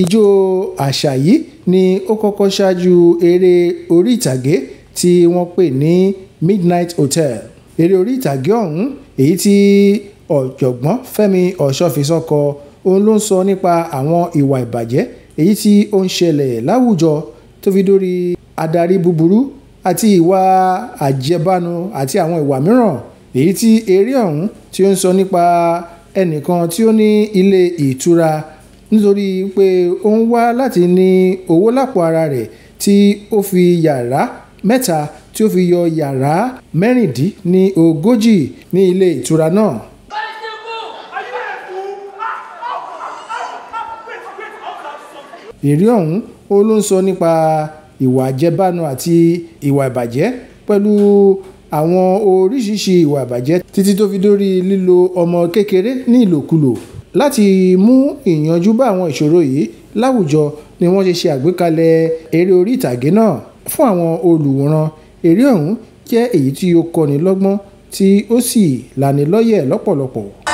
ijó àṣà yìí ni ó kọ́kọ́ ṣáájú eré orí ìtàgé tí wọ́n pè ní Midnight Hotel eré orí ìtàgé ọ̀hún èyí tí ọ̀jọ̀gbọ́n Fẹ́mi Ọ̀ṣọ́fisọ kọ òun ló ń sọ nípa àwọn ìwà ìbàjẹ́ èyí tí ó ń ṣẹlẹ̀ láwùjọ tó fi dórí adarí búburú àti ìwà àjẹbánu àti àwọn ìwà mìíràn èyí tí eré ọ̀hún tí ó ń sọ nípa ẹnìkan tí ó ní ilé ìtura nítorí pé ó ń wá láti ní owó lápò ara rẹ̀ tí ó fi yàrá mẹ́ta tí ó fi yọ yàrá mẹ́rìndín ní ogójì ní ilé ìtura náà. ìrírí ọ̀hún ó ló ń sọ nípa ìwà àjẹbánu àti ìwà ìbàjẹ́ pẹ̀lú àwọn oríṣiríṣi ìwà ìbàjẹ́ títí tó fi dórí lílo ọmọ kékeré ní ìlòkulò láti mú ìyanjú bá àwọn ìṣòro yìí láwùjọ ni wọ́n ṣe ṣe àgbékalẹ̀ eré orí ìtàgé náà fún àwọn olùwòran eré ọ̀hún jẹ́ èyí tí ó kọ́ni lọ́gbọ́n tí ó sì lani lọ́pọ̀lọpọ̀